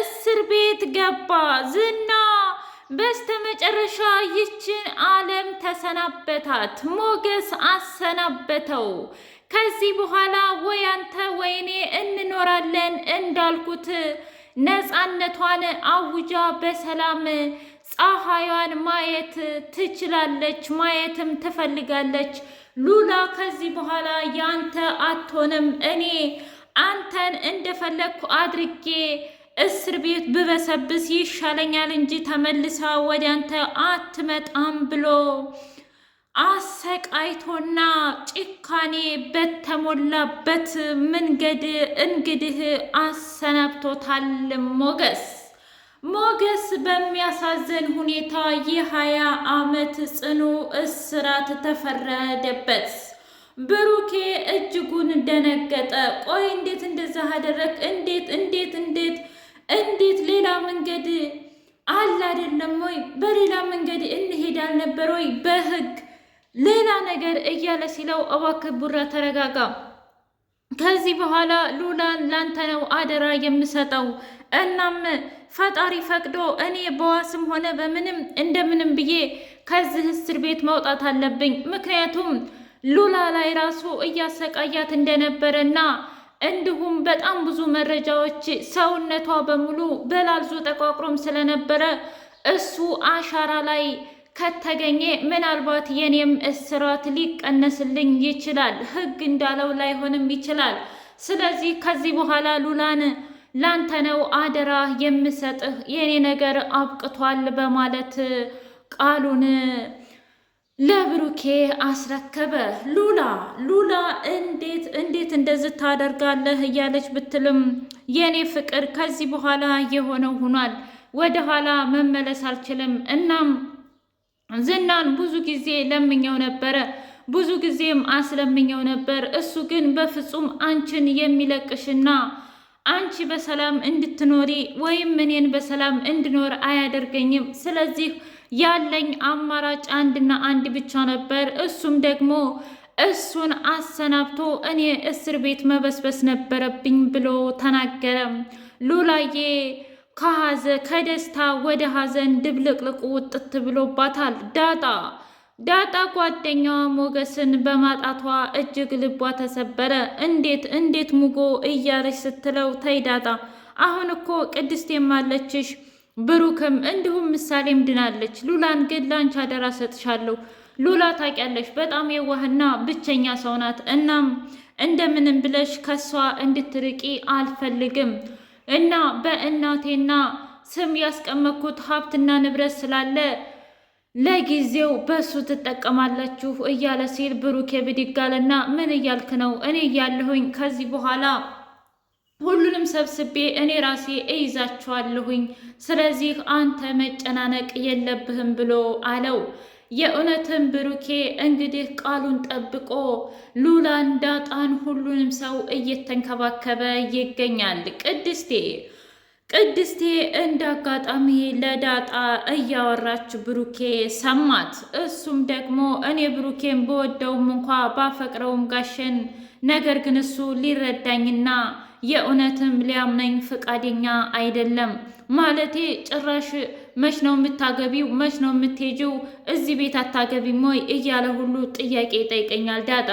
እስር ቤት ገባ ዝና። በስተመጨረሻ ይችን ዓለም ተሰናበታት። ሞገስ አሰናበተው። ከዚህ በኋላ ወይ አንተ ወይኔ እንኖራለን እንዳልኩት ነፃነቷን አውጃ በሰላም ፀሐይዋን ማየት ትችላለች፣ ማየትም ትፈልጋለች። ሉላ ከዚህ በኋላ ያንተ አትሆንም። እኔ አንተን እንደፈለግኩ አድርጌ እስር ቤት ብበሰብስ ይሻለኛል እንጂ ተመልሳ ወደ አንተ አትመጣም ብሎ አሰቃይቶና ጭካኔ በተሞላበት መንገድ እንግዲህ አሰናብቶታል። ሞገስ ሞገስ በሚያሳዝን ሁኔታ የሀያ ዓመት ጽኑ እስራት ተፈረደበት። ብሩኬ እጅጉን ደነገጠ። ቆይ እንዴት እንደዛ አደረግ? እንዴት እንዴት እንዴት እንዴት ሌላ መንገድ አለ አይደለም ወይ? በሌላ መንገድ እንሄድ አልነበር ወይ? በህግ ሌላ ነገር እያለ ሲለው እባክህ ቡራ ተረጋጋ። ከዚህ በኋላ ሉላ ላንተ ነው አደራ የምሰጠው። እናም ፈጣሪ ፈቅዶ እኔ በዋስም ሆነ በምንም እንደምንም ብዬ ከዚህ እስር ቤት መውጣት አለብኝ። ምክንያቱም ሉላ ላይ ራሱ እያሰቃያት እንደነበረና እንዲሁም በጣም ብዙ መረጃዎች ሰውነቷ በሙሉ በላልዞ ጠቋቁሮም ስለነበረ እሱ አሻራ ላይ ከተገኘ ምናልባት የኔም እስራት ሊቀነስልኝ ይችላል። ህግ እንዳለው ላይሆንም ይችላል። ስለዚህ ከዚህ በኋላ ሉላን ላንተ ነው አደራ የምሰጥህ፣ የኔ ነገር አብቅቷል በማለት ቃሉን ለብሩኬ አስረከበ። ሉላ ሉላ እንዴት እንዴት እንደዚህ ታደርጋለህ እያለች ብትልም የእኔ ፍቅር ከዚህ በኋላ የሆነው ሆኗል፣ ወደ ኋላ መመለስ አልችልም። እናም ዝናን ብዙ ጊዜ ለምኘው ነበረ፣ ብዙ ጊዜም አስለምኘው ነበር። እሱ ግን በፍጹም አንቺን የሚለቅሽና አንቺ በሰላም እንድትኖሪ ወይም እኔን በሰላም እንድኖር አያደርገኝም። ስለዚህ ያለኝ አማራጭ አንድና አንድ ብቻ ነበር። እሱም ደግሞ እሱን አሰናብቶ እኔ እስር ቤት መበስበስ ነበረብኝ ብሎ ተናገረ። ሉላዬ ከሀዘ ከደስታ ወደ ሀዘን ድብልቅልቁ ውጥት ብሎባታል። ዳጣ ዳጣ ጓደኛዋ ሞገስን በማጣቷ እጅግ ልቧ ተሰበረ። እንዴት እንዴት ሙጎ እያለች ስትለው ተይ ዳጣ አሁን እኮ ቅድስት የማለችሽ ብሩክም እንዲሁም ምሳሌም ድናለች። ሉላን ግን ላንቺ አደራ ሰጥሻለሁ። ሉላ ታውቂያለሽ፣ በጣም የዋህና ብቸኛ ሰው ናት። እናም እንደምንም ብለሽ ከሷ እንድትርቂ አልፈልግም እና በእናቴና ስም ያስቀመጥኩት ሀብትና ንብረት ስላለ ለጊዜው በሱ ትጠቀማላችሁ እያለ ሲል ብሩክ ብድግ አለና ምን እያልክ ነው? እኔ እያለሁኝ ከዚህ በኋላ ሁሉንም ሰብስቤ እኔ ራሴ እይዛችኋለሁኝ። ስለዚህ አንተ መጨናነቅ የለብህም ብሎ አለው። የእውነትም ብሩኬ እንግዲህ ቃሉን ጠብቆ ሉላን፣ ዳጣን ሁሉንም ሰው እየተንከባከበ ይገኛል። ቅድስቴ ቅድስቴ እንደ አጋጣሚ ለዳጣ እያወራች ብሩኬ ሰማት። እሱም ደግሞ እኔ ብሩኬን በወደውም እንኳ ባፈቅረውም ጋሸን ነገር ግን እሱ ሊረዳኝና የእውነትም ሊያምነኝ ፈቃደኛ አይደለም። ማለቴ ጭራሽ መች ነው የምታገቢው? መች ነው የምትሄጂው? እዚህ ቤት አታገቢም ወይ እያለ ሁሉ ጥያቄ ይጠይቀኛል ዳጣ።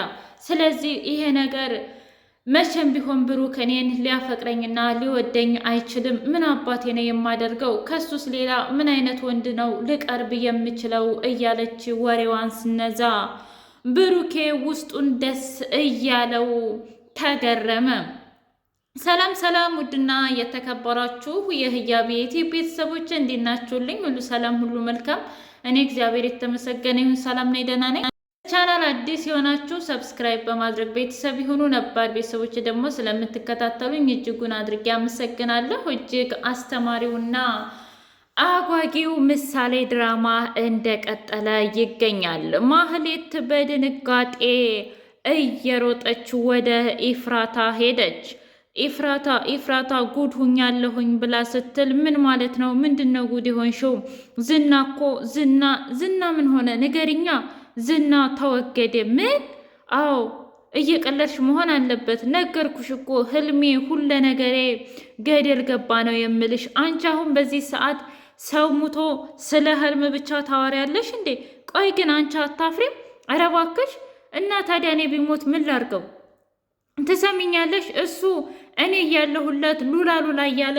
ስለዚህ ይሄ ነገር መቼም ቢሆን ብሩክ እኔን ሊያፈቅረኝና ሊወደኝ አይችልም። ምን አባቴ ነው የማደርገው? ከሱስ ሌላ ምን አይነት ወንድ ነው ልቀርብ የምችለው? እያለች ወሬዋን ስነዛ ብሩኬ ውስጡን ደስ እያለው ተገረመ። ሰላም ሰላም ውድና የተከበራችሁ የህያብ ቤቴ ቤተሰቦች እንዴት ናችሁልኝ? ሁሉ ሰላም፣ ሁሉ መልካም። እኔ እግዚአብሔር የተመሰገነ ይሁን ሰላም ነኝ፣ ደህና ነኝ። ቻናል አዲስ የሆናችሁ ሰብስክራይብ በማድረግ ቤተሰብ የሆኑ ነባር ቤተሰቦች ደግሞ ስለምትከታተሉኝ እጅጉን አድርጌ አመሰግናለሁ። እጅግ አስተማሪውና አጓጊው ምሳሌ ድራማ እንደቀጠለ ይገኛል። ማህሌት በድንጋጤ እየሮጠች ወደ ኢፍራታ ሄደች። ኤፍራታ ኤፍራታ ጉድ ሁኛለሁኝ ብላ ስትል ምን ማለት ነው? ምንድን ነው ጉድ የሆንሽው? ዝና እኮ ዝና ዝና ምን ሆነ? ንገሪኛ። ዝና ተወገደ። ምን? አዎ እየቀለድሽ መሆን አለበት። ነገርኩሽ እኮ ህልሜ፣ ሁለ ነገሬ ገደል ገባ ነው የምልሽ። አንቺ አሁን በዚህ ሰዓት ሰው ሙቶ ስለ ህልም ብቻ ታወሪያለሽ እንዴ? ቆይ ግን አንቺ አታፍሪም? ኧረ እባክሽ እና ታዲያ እኔ ቢሞት ምን ላርገው? ትሰሚኛለሽ? እሱ እኔ እያለሁለት ሉላ ሉላ እያለ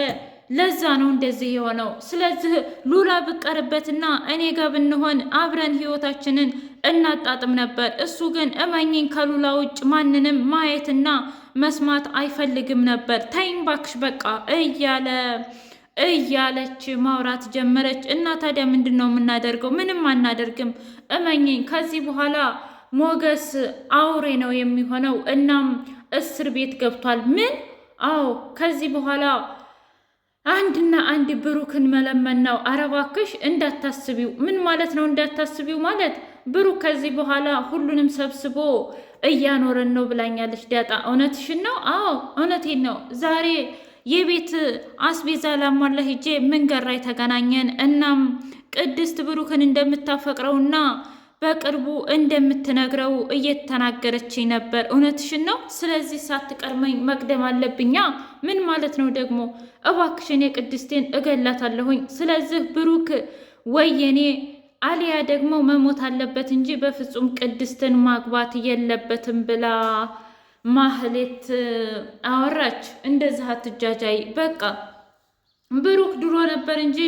ለዛ ነው እንደዚህ የሆነው። ስለዚህ ሉላ ብቀርበትና እኔ ጋር ብንሆን አብረን ህይወታችንን እናጣጥም ነበር። እሱ ግን እመኝኝ ከሉላ ውጭ ማንንም ማየትና መስማት አይፈልግም ነበር። ተይኝ ባክሽ በቃ እያለ እያለች ማውራት ጀመረች። እና ታዲያ ምንድን ነው የምናደርገው? ምንም አናደርግም። እመኝኝ ከዚህ በኋላ ሞገስ አውሬ ነው የሚሆነው። እናም እስር ቤት ገብቷል። ምን? አዎ ከዚህ በኋላ አንድና አንድ ብሩክን መለመን ነው። አረባክሽ እንዳታስቢው። ምን ማለት ነው እንዳታስቢው ማለት? ብሩክ ከዚህ በኋላ ሁሉንም ሰብስቦ እያኖረን ነው ብላኛለች ዳጣ። እውነትሽን ነው? አዎ እውነቴን ነው። ዛሬ የቤት አስቤዛ ላሟላ ሂጄ ምን ገራይ ተገናኘን። እናም ቅድስት ብሩክን እንደምታፈቅረውና በቅርቡ እንደምትነግረው እየተናገረችኝ ነበር። እውነትሽን ነው። ስለዚህ ሳትቀርመኝ መቅደም አለብኛ። ምን ማለት ነው ደግሞ? እባክሽን የቅድስቴን እገላታለሁኝ። ስለዚህ ብሩክ ወየኔ አሊያ ደግሞ መሞት አለበት እንጂ በፍጹም ቅድስትን ማግባት የለበትም ብላ ማህሌት አወራች። እንደዚህ አትጃጃይ። በቃ ብሩክ ድሮ ነበር እንጂ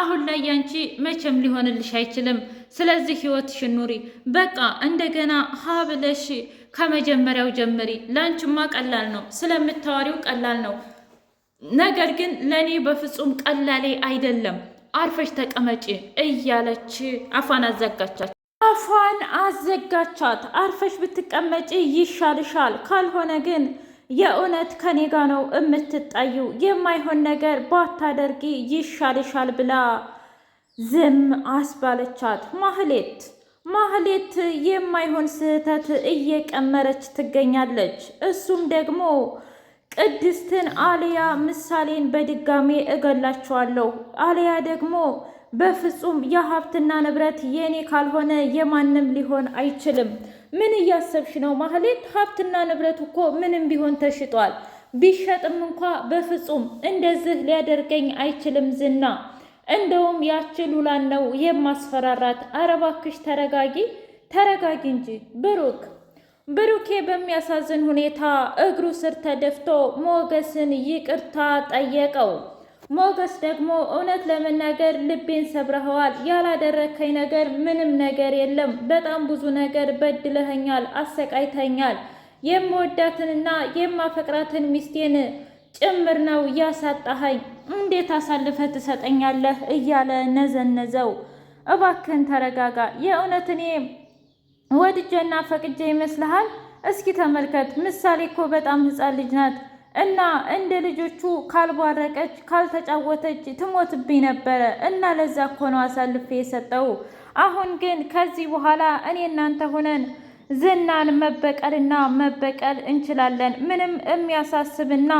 አሁን ላይ ያንቺ መቼም ሊሆንልሽ አይችልም። ስለዚህ ህይወት ኑሪ። በቃ እንደገና ሀብለሽ ከመጀመሪያው ጀምሪ። ላንችማ ቀላል ነው፣ ስለምታወሪው ቀላል ነው። ነገር ግን ለእኔ በፍጹም ቀላሌ አይደለም። አርፈሽ ተቀመጪ እያለች አፏን አዘጋቻት። አፏን አዘጋቻት። አርፈሽ ብትቀመጪ ይሻልሻል፣ ካልሆነ ግን የእውነት ከኔ ጋ ነው የምትጣዩ። የማይሆን ነገር ባታደርጊ ይሻልሻል ብላ ዝም አስባለቻት። ማህሌት ማህሌት የማይሆን ስህተት እየቀመረች ትገኛለች። እሱም ደግሞ ቅድስትን አልያ ምሳሌን በድጋሜ እገላችኋለሁ፣ አልያ ደግሞ በፍጹም የሀብትና ንብረት የኔ ካልሆነ የማንም ሊሆን አይችልም። ምን እያሰብሽ ነው ማህሌት? ሀብትና ንብረት እኮ ምንም ቢሆን ተሽጧል። ቢሸጥም እንኳ በፍጹም እንደዚህ ሊያደርገኝ አይችልም ዝና እንደውም ያቺ ሉላን ነው የማስፈራራት። አረባክሽ እባክሽ ተረጋጊ ተረጋጊ እንጂ ብሩክ ብሩኬ በሚያሳዝን ሁኔታ እግሩ ስር ተደፍቶ ሞገስን ይቅርታ ጠየቀው። ሞገስ ደግሞ እውነት ለመናገር ልቤን ሰብረኸዋል፣ ያላደረከኝ ነገር ምንም ነገር የለም። በጣም ብዙ ነገር በድለኸኛል፣ አሰቃይተኛል። የምወዳትንና የማፈቅራትን ሚስቴን ጭምር ነው እያሳጣሃኝ! እንዴት አሳልፈህ ትሰጠኛለህ እያለ ነዘነዘው። እባክህን ተረጋጋ። የእውነት እኔ ወድጄና ፈቅጄ ይመስልሃል? እስኪ ተመልከት። ምሳሌ እኮ በጣም ሕፃን ልጅ ናት እና እንደ ልጆቹ ካልቧረቀች ካልተጫወተች ትሞትብኝ ነበረ እና ለዛ እኮ ነው አሳልፌ የሰጠው። አሁን ግን ከዚህ በኋላ እኔ እናንተ ሆነን ዝናን መበቀልና መበቀል እንችላለን። ምንም የሚያሳስብና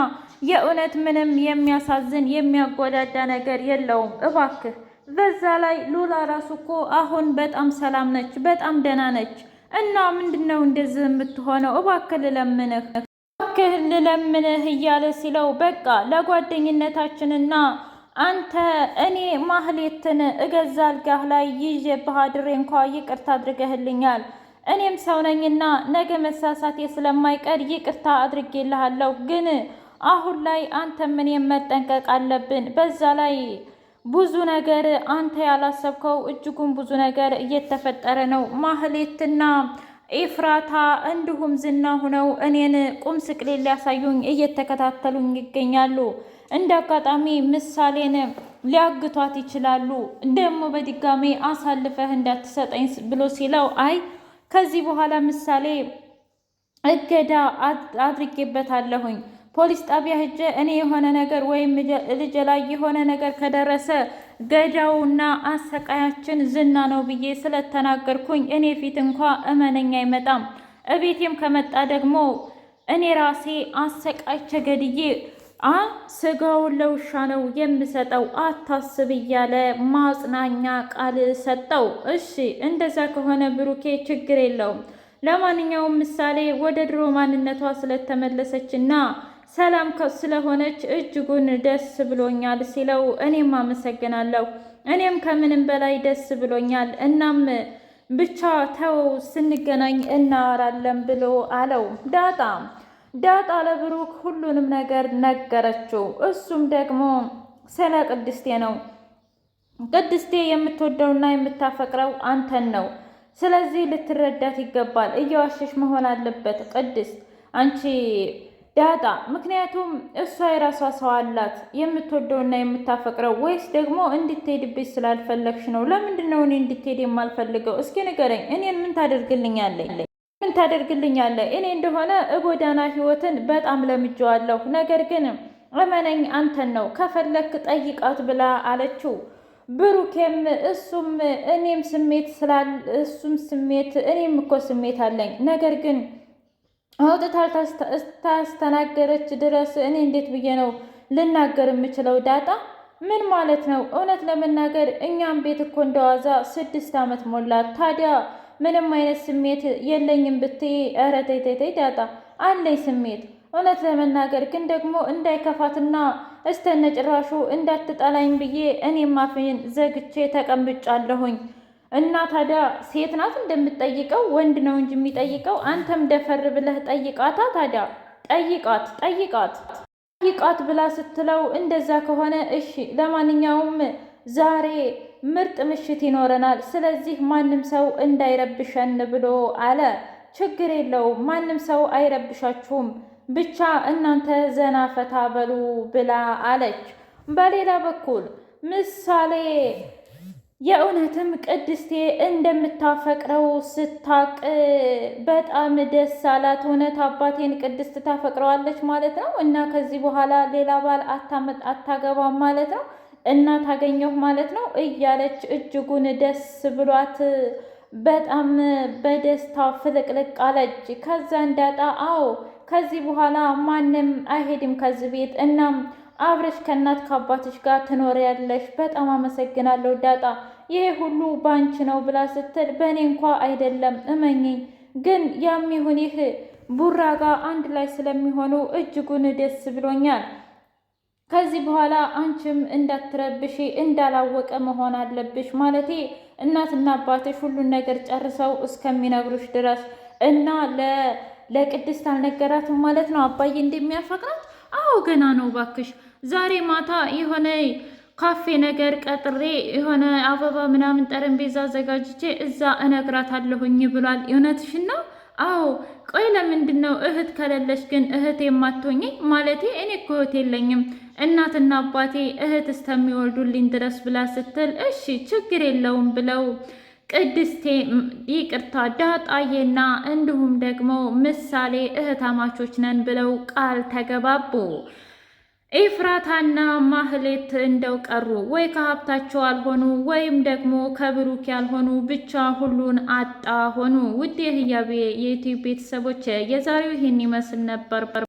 የእውነት ምንም የሚያሳዝን የሚያጎዳዳ ነገር የለውም። እባክህ በዛ ላይ ሉላ ራሱ እኮ አሁን በጣም ሰላም ነች፣ በጣም ደህና ነች። እና ምንድን ነው እንደዚህ የምትሆነው? እባክህ ልለምንህ፣ እባክህ ልለምንህ እያለ ሲለው በቃ ለጓደኝነታችንና አንተ እኔ ማህሌትን እገዛ አልጋህ ላይ ይዤ ባህድሬ እንኳ ይቅርታ አድርገህልኛል። እኔም ሰው ነኝና ነገ መሳሳቴ ስለማይቀር ይቅርታ አድርጌልሃለሁ ግን አሁን ላይ አንተ ምን መጠንቀቅ አለብን። በዛ ላይ ብዙ ነገር አንተ ያላሰብከው እጅጉን ብዙ ነገር እየተፈጠረ ነው። ማህሌትና ኤፍራታ እንዲሁም ዝና ሆነው እኔን ቁም ስቅሌ ሊያሳዩኝ እየተከታተሉኝ ይገኛሉ። እንደ አጋጣሚ ምሳሌን ሊያግቷት ይችላሉ። ደግሞ በድጋሜ አሳልፈህ እንዳትሰጠኝ ብሎ ሲለው አይ ከዚህ በኋላ ምሳሌ እገዳ አድርጌበታለሁኝ ፖሊስ ጣቢያ ህጀ እኔ የሆነ ነገር ወይም ልጄ ላይ የሆነ ነገር ከደረሰ ገዳውና አሰቃያችን ዝና ነው ብዬ ስለተናገርኩኝ እኔ ፊት እንኳ እመነኝ አይመጣም። እቤቴም ከመጣ ደግሞ እኔ ራሴ አሰቃይቼ ገድዬ አ ስጋውን ለውሻ ነው የምሰጠው፣ አታስብ እያለ ማጽናኛ ቃል ሰጠው። እሺ እንደዛ ከሆነ ብሩኬ ችግር የለውም። ለማንኛውም ምሳሌ ወደ ድሮ ማንነቷ ስለተመለሰችና ሰላም ስለሆነች እጅጉን ደስ ብሎኛል ሲለው እኔም አመሰግናለሁ፣ እኔም ከምንም በላይ ደስ ብሎኛል። እናም ብቻ ተው ስንገናኝ እናወራለን ብሎ አለው። ዳጣ ዳጣ ለብሩክ ሁሉንም ነገር ነገረችው። እሱም ደግሞ ስለ ቅድስቴ ነው። ቅድስቴ የምትወደውና የምታፈቅረው አንተን ነው። ስለዚህ ልትረዳት ይገባል። እየዋሸሽ መሆን አለበት ቅድስት አንቺ ዳጣ ምክንያቱም እሷ የራሷ ሰው አላት የምትወደውና የምታፈቅረው ወይስ ደግሞ እንድትሄድብኝ ስላልፈለግሽ ነው? ለምንድን ነው እኔ እንድትሄድ የማልፈልገው? እስኪ ንገረኝ። እኔን ምን ታደርግልኛለኝ? ምን ታደርግልኛለህ? እኔ እንደሆነ እጎዳና ህይወትን በጣም ለምጄዋለሁ። ነገር ግን እመነኝ አንተን ነው ከፈለክ ጠይቃት ብላ አለችው። ብሩኬም እሱም እኔም ስሜት ስላል እሱም ስሜት እኔም እኮ ስሜት አለኝ ነገር ግን አውጥታ ታስተናገረች ድረስ እኔ እንዴት ብዬ ነው ልናገር የምችለው? ዳጣ ምን ማለት ነው? እውነት ለመናገር እኛም ቤት እኮ እንደዋዛ ስድስት ዓመት ሞላት። ታዲያ ምንም አይነት ስሜት የለኝም ብትይ፣ ኧረ ተይ ተይ ተይ ዳጣ አለኝ ስሜት። እውነት ለመናገር ግን ደግሞ እንዳይከፋትና እስተነጭራሹ እንዳትጠላኝ ብዬ እኔም አፌን ዘግቼ ተቀምጫለሁኝ። እና ታዲያ ሴት ናት እንደምትጠይቀው ወንድ ነው እንጂ የሚጠይቀው። አንተም ደፈር ብለህ ጠይቃታ። ታዲያ ጠይቃት ጠይቃት ጠይቃት ብላ ስትለው እንደዛ ከሆነ እሺ፣ ለማንኛውም ዛሬ ምርጥ ምሽት ይኖረናል፣ ስለዚህ ማንም ሰው እንዳይረብሸን ብሎ አለ። ችግር የለውም ማንም ሰው አይረብሻችሁም፣ ብቻ እናንተ ዘና ፈታ በሉ ብላ አለች። በሌላ በኩል ምሳሌ የእውነትም ቅድስቴ እንደምታፈቅረው ስታቅ በጣም ደስ አላት። እውነት አባቴን ቅድስት ታፈቅረዋለች ማለት ነው እና ከዚህ በኋላ ሌላ ባል አታገባም ማለት ነው እና ታገኘሁ ማለት ነው እያለች እጅጉን ደስ ብሏት በጣም በደስታ ፍልቅልቅ አለች። ከዛ እንዳጣ አዎ ከዚህ በኋላ ማንም አይሄድም ከዚህ ቤት እናም አብረሽ ከእናት ከአባትሽ ጋር ትኖሪያለሽ። በጣም አመሰግናለሁ ዳጣ፣ ይሄ ሁሉ ባንቺ ነው ብላ ስትል በእኔ እንኳ አይደለም እመኝኝ፣ ግን ያም ይሁን ይህ ቡራ ጋር አንድ ላይ ስለሚሆኑ እጅጉን ደስ ብሎኛል። ከዚህ በኋላ አንቺም እንዳትረብሽ እንዳላወቀ መሆን አለብሽ። ማለቴ እናትና አባትሽ ሁሉን ነገር ጨርሰው እስከሚነግሩሽ ድረስ እና ለቅድስት አልነገራትም ማለት ነው አባዬ እንደሚያፈቅራት አዎ ገና ነው ባክሽ። ዛሬ ማታ የሆነ ካፌ ነገር ቀጥሬ የሆነ አበባ ምናምን ጠረጴዛ አዘጋጅቼ እዛ እነግራታለሁኝ ብሏል። እውነትሽን ነው? አዎ። ቆይ ለምንድን ነው እህት ከሌለሽ ግን እህት የማትሆኝኝ? ማለቴ እኔ እኮ እህት የለኝም እናትና አባቴ እህት እስከሚወልዱልኝ ድረስ ብላ ስትል እሺ ችግር የለውም ብለው ቅድስቴ ይቅርታ ዳጣዬና እንዲሁም ደግሞ ምሳሌ እህታማቾች ነን ብለው ቃል ተገባቡ። ኤፍራታና ማህሌት እንደው ቀሩ ወይ ከሀብታቸው አልሆኑ ወይም ደግሞ ከብሩክ ያልሆኑ ብቻ ሁሉን አጣ ሆኑ። ውድ የህያቤ የዩቲዩብ ቤተሰቦች የዛሬው ይህን ይመስል ነበር።